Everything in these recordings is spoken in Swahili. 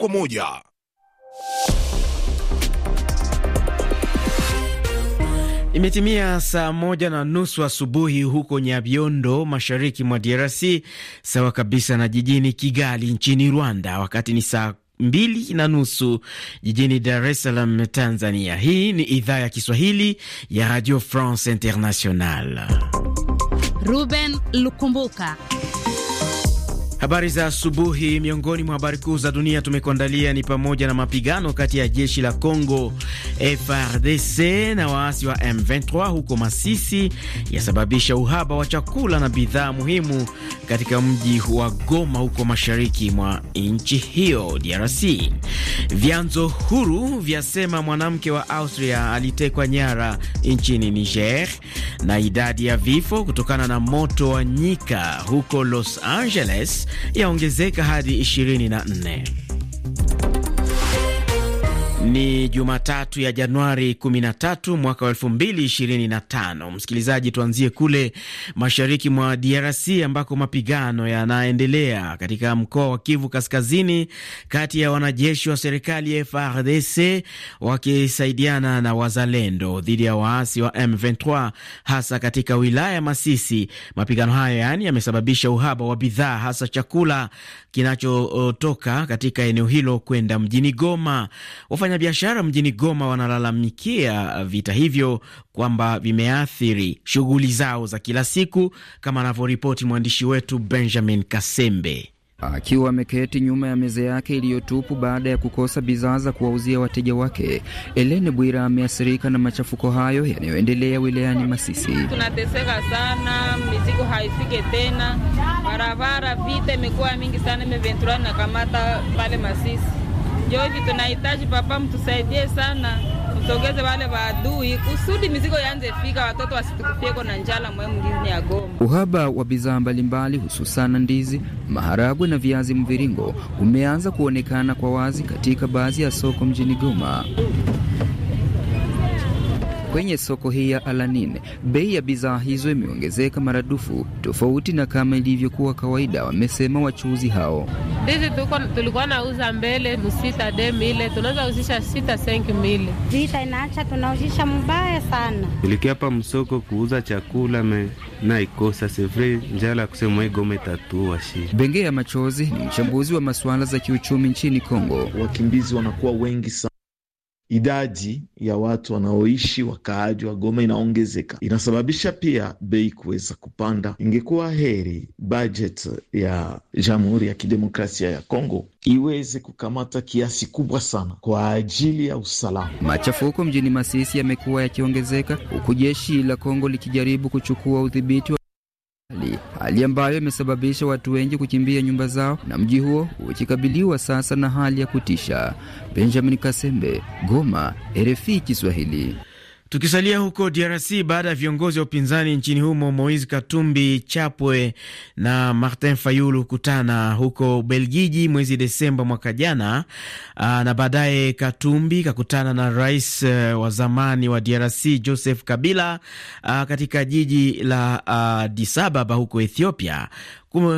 kwa moja. Imetimia saa moja na nusu asubuhi huko Nyabiondo, mashariki mwa DRC, sawa kabisa na jijini Kigali nchini Rwanda, wakati ni saa mbili na nusu jijini Dar es Salaam, Tanzania. Hii ni idhaa ya Kiswahili ya Radio France International. Ruben Lukumbuka Habari za asubuhi. Miongoni mwa habari kuu za dunia tumekuandalia ni pamoja na mapigano kati ya jeshi la Congo frdc na waasi wa M23 huko Masisi yasababisha uhaba wa chakula na bidhaa muhimu katika mji wa Goma huko mashariki mwa nchi hiyo DRC. Vyanzo huru vyasema mwanamke wa Austria alitekwa nyara nchini Niger, na idadi ya vifo kutokana na moto wa nyika huko Los Angeles yaongezeka hadi 24. Ni Jumatatu ya Januari 13 mwaka wa 2025. Msikilizaji, tuanzie kule mashariki mwa DRC ambako mapigano yanaendelea katika mkoa wa Kivu Kaskazini, kati ya wanajeshi wa serikali frdc wakisaidiana na wazalendo dhidi ya waasi wa M23, hasa katika wilaya Masisi. Mapigano hayo yani yamesababisha uhaba wa bidhaa, hasa chakula kinachotoka katika eneo hilo kwenda mjini Goma. Wafanyabiashara mjini Goma wanalalamikia vita hivyo kwamba vimeathiri shughuli zao za kila siku, kama anavyoripoti mwandishi wetu Benjamin Kasembe akiwa ameketi nyuma ya meza yake iliyotupu baada ya kukosa bidhaa za kuwauzia wateja wake. Elene Bwira ameathirika na machafuko hayo yanayoendelea wilayani Masisi. Tunateseka sana, mizigo haifike tena, barabara, vita imekuwa mingi sana, imeventurani na kamata pale Masisi. jo hivi tunahitaji, papa mtusaidie sana tusogeze wale waadui kusudi mizigo yanze fika, watoto wasitukufieko na njala ya Goma. Uhaba wa bidhaa mbalimbali hususana ndizi, maharagwe na viazi mviringo umeanza kuonekana kwa wazi katika baadhi ya soko mjini Goma kwenye soko hii ya Alanin, bei ya bidhaa hizo imeongezeka maradufu, tofauti na kama ilivyokuwa kawaida, wamesema wachuuzi hao. Hizi tulikuwa nauza mbele msita dem ile tunaweza uzisha sita senki mili vita inaacha tunauzisha mbaya sana. Nilikia hapa msoko kuuza chakula me na ikosa sevre njala kusema igome tatu washi. Benge ya Machozi ni mchambuzi wa masuala za kiuchumi nchini Kongo. Wakimbizi wanakuwa wengi sana idadi ya watu wanaoishi wakaaji wa Goma inaongezeka, inasababisha pia bei kuweza kupanda. Ingekuwa heri bajeti ya Jamhuri ya Kidemokrasia ya Kongo iweze kukamata kiasi kubwa sana kwa ajili ya usalama. Machafuko mjini Masisi yamekuwa yakiongezeka, huku jeshi la Kongo likijaribu kuchukua udhibiti hali ambayo imesababisha watu wengi kukimbia nyumba zao na mji huo ukikabiliwa sasa na hali ya kutisha. Benjamin Kasembe, Goma, RFI Kiswahili. Tukisalia huko DRC, baada ya viongozi wa upinzani nchini humo Moise Katumbi Chapwe na Martin Fayulu kutana huko belgiji mwezi Desemba mwaka jana, ah, na baadaye Katumbi kakutana na rais eh, wa zamani wa DRC Joseph Kabila ah, katika jiji la ah, Addis Ababa huko Ethiopia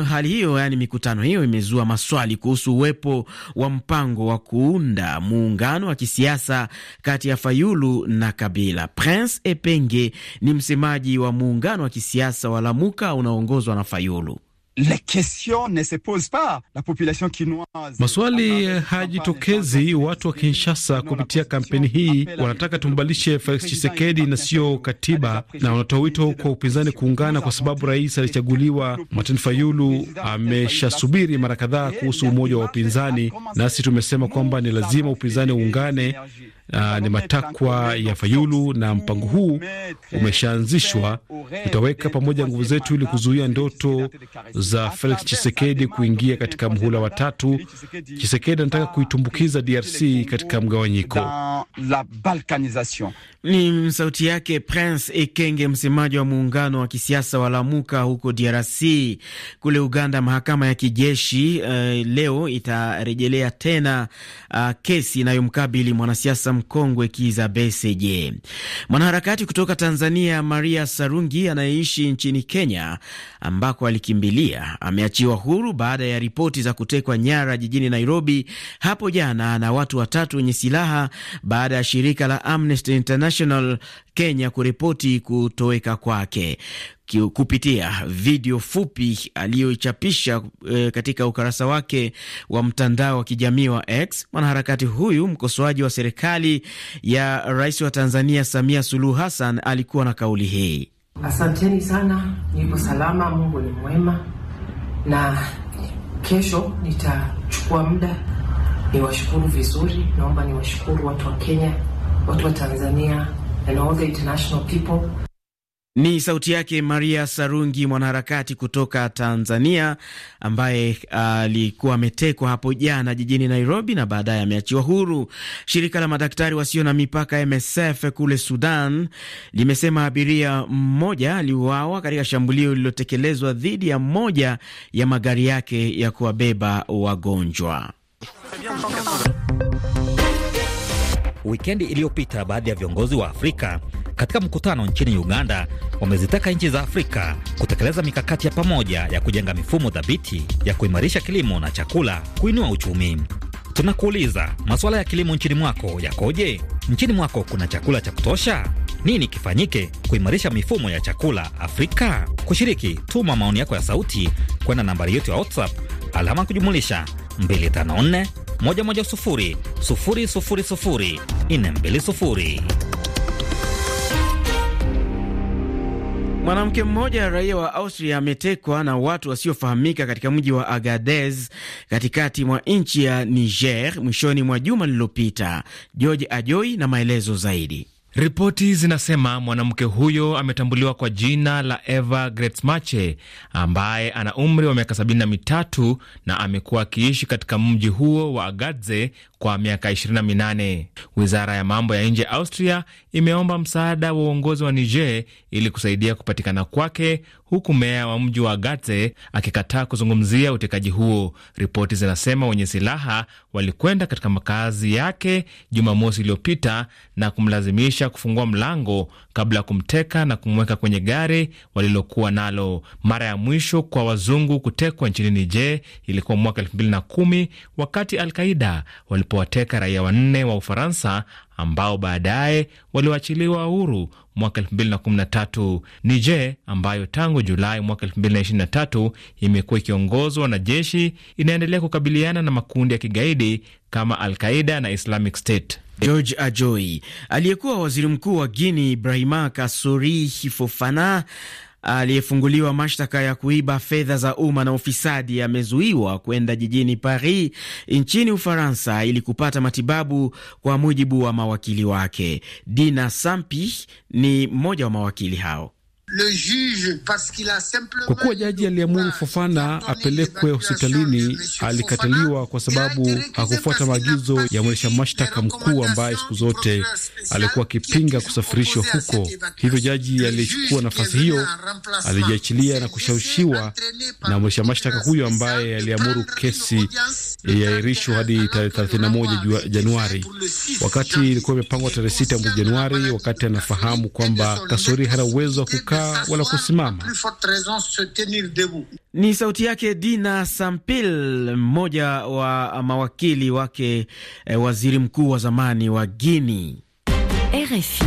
hali hiyo yani, mikutano hiyo imezua maswali kuhusu uwepo wa mpango wa kuunda muungano wa kisiasa kati ya Fayulu na Kabila. Prince Epenge ni msemaji wa muungano wa kisiasa wa Lamuka unaoongozwa na Fayulu. Maswali hajitokezi. Watu wa Kinshasa kupitia kampeni hii wanataka tumbalishe Felix Tshisekedi na sio katiba, na wanatoa wito kwa upinzani kuungana, kwa sababu rais alichaguliwa Martin Fayulu ameshasubiri mara kadhaa kuhusu umoja wa upinzani, nasi tumesema kwamba ni lazima upinzani uungane Uh, ni matakwa ya Fayulu na mpango huu umeshaanzishwa. Tutaweka pamoja nguvu zetu ili kuzuia ndoto za Felix Chisekedi kuingia katika mhula wa tatu. Chisekedi anataka kuitumbukiza DRC katika mgawanyiko. Ni sauti yake Prince Ekenge, msemaji wa muungano wa kisiasa wa Lamuka huko DRC. Kule Uganda, mahakama ya kijeshi uh, leo itarejelea tena uh, kesi inayomkabili mwanasiasa mkongwe Kiza Mwanaharakati kutoka Tanzania Maria Sarungi anayeishi nchini Kenya ambako alikimbilia ameachiwa huru baada ya ripoti za kutekwa nyara jijini Nairobi hapo jana na watu watatu wenye silaha baada ya shirika la Amnesty International Kenya kuripoti kutoweka kwake kupitia video fupi aliyoichapisha e, katika ukurasa wake wa mtandao wa kijamii wa X. Mwanaharakati huyu mkosoaji wa serikali ya rais wa Tanzania Samia Suluhu Hassan alikuwa na kauli hii: asanteni sana, nipo salama, Mungu ni mwema, na kesho nitachukua muda niwashukuru vizuri. Naomba niwashukuru watu wa Kenya, watu wa Tanzania and all the international people. Ni sauti yake Maria Sarungi, mwanaharakati kutoka Tanzania ambaye uh, alikuwa uh, ametekwa hapo jana jijini Nairobi na baadaye ameachiwa huru. Shirika la madaktari wasio na mipaka MSF kule Sudan limesema abiria mmoja aliuawa katika shambulio lililotekelezwa dhidi ya moja ya magari yake ya kuwabeba wagonjwa. Wikendi iliyopita baadhi ya viongozi wa Afrika katika mkutano nchini Uganda wamezitaka nchi za Afrika kutekeleza mikakati ya pamoja ya kujenga mifumo thabiti ya kuimarisha kilimo na chakula, kuinua uchumi. Tunakuuliza, masuala ya kilimo nchini mwako yakoje? Nchini mwako kuna chakula cha kutosha? Nini kifanyike kuimarisha mifumo ya chakula Afrika? Kushiriki, tuma maoni yako ya sauti kwenda nambari yetu ya WhatsApp alama kujumulisha 254 Mwanamke mmoja raia wa Austria ametekwa na watu wasiofahamika katika mji wa Agadez katikati mwa nchi ya Niger mwishoni mwa juma lililopita. George Ajoi na maelezo zaidi. Ripoti zinasema mwanamke huyo ametambuliwa kwa jina la Eva Gretsmache ambaye ana umri wa miaka 73 na amekuwa akiishi katika mji huo wa Agadze kwa miaka 28. Wizara ya mambo ya nje Austria imeomba msaada wa uongozi wa Niger ili kusaidia kupatikana kwake, huku meya wa mji wa Gate akikataa kuzungumzia utekaji huo. Ripoti zinasema wenye silaha walikwenda katika makazi yake Jumamosi iliyopita na kumlazimisha kufungua mlango kabla ya kumteka na kumweka kwenye gari walilokuwa nalo. Mara ya mwisho kwa wazungu kutekwa nchini Niger ilikuwa mwaka 2010 wakati Alqaida walipo walipowateka raia wanne wa Ufaransa ambao baadaye walioachiliwa huru mwaka 2013. Niger ambayo tangu Julai mwaka tatu imekuwa ikiongozwa na jeshi inaendelea kukabiliana na makundi ya kigaidi kama alqaida na Islamic State. George Ajoi aliyekuwa waziri mkuu wa Guinea Ibrahima Kasori Hifofana aliyefunguliwa mashtaka ya kuiba fedha za umma na ufisadi amezuiwa kwenda jijini Paris nchini Ufaransa ili kupata matibabu, kwa mujibu wa mawakili wake. Dina Sampi ni mmoja wa mawakili hao. Kwa kuwa jaji aliamuru Fofana apelekwe hospitalini, alikataliwa kwa sababu hakufuata maagizo ya mwendesha mashtaka mkuu ambaye siku zote alikuwa akipinga kusafirishwa huko. Hivyo jaji aliyechukua nafasi hiyo alijiachilia na kushawishiwa na mwendesha mashtaka huyo ambaye aliamuru kesi yaiairishwa hadi tarehe 31 Januari, wakati ilikuwa imepangwa tarehe 6 mwezi Januari, wakati anafahamu kwamba Kasori hana uwezo wa kukaa wala kusimama. Ni sauti yake Dina Sampil, mmoja wa mawakili wake eh, waziri mkuu wa zamani wa Guinea. RFI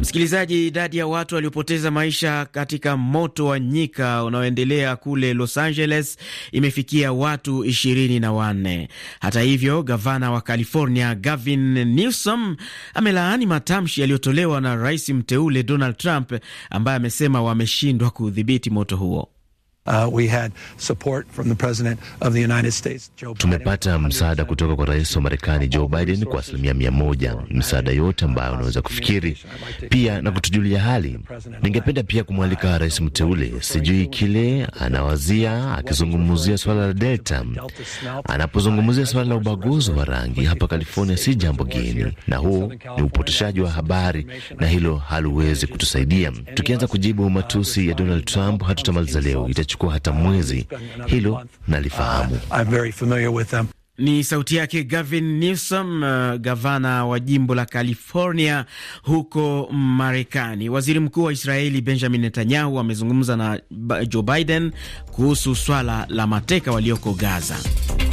Msikilizaji, idadi ya watu waliopoteza maisha katika moto wa nyika unaoendelea kule Los Angeles imefikia watu ishirini na wanne. Hata hivyo, gavana wa California Gavin Newsom amelaani matamshi yaliyotolewa na rais mteule Donald Trump ambaye amesema wameshindwa kudhibiti moto huo. Tumepata msaada kutoka kwa rais wa Marekani Joe Biden kwa asilimia mia moja, msaada yote ambayo unaweza kufikiri, pia na kutujulia hali. Ningependa pia kumwalika uh, rais mteule, sijui kile anawazia akizungumzia swala la Delta. Anapozungumzia uh, swala la ubaguzi wa rangi hapa California, si jambo geni, na huu ni upotoshaji wa habari, na hilo haluwezi kutusaidia. Tukianza kujibu matusi ya Donald Trump, hatutamaliza leo itachukua hata mwezi. Hilo nalifahamu. Ni sauti yake Gavin Newsom, uh, gavana wa jimbo la California huko Marekani. Waziri mkuu wa Israeli Benjamin Netanyahu amezungumza na Joe Biden kuhusu swala la mateka walioko Gaza.